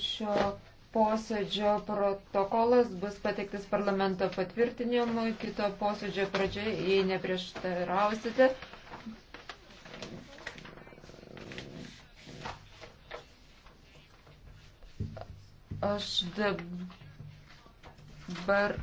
šio posėdžio protokolas bus pateiktas parlamento patvirtinimui kito posėdžio pradžioje, jei neprieštarausite. Aš dabar.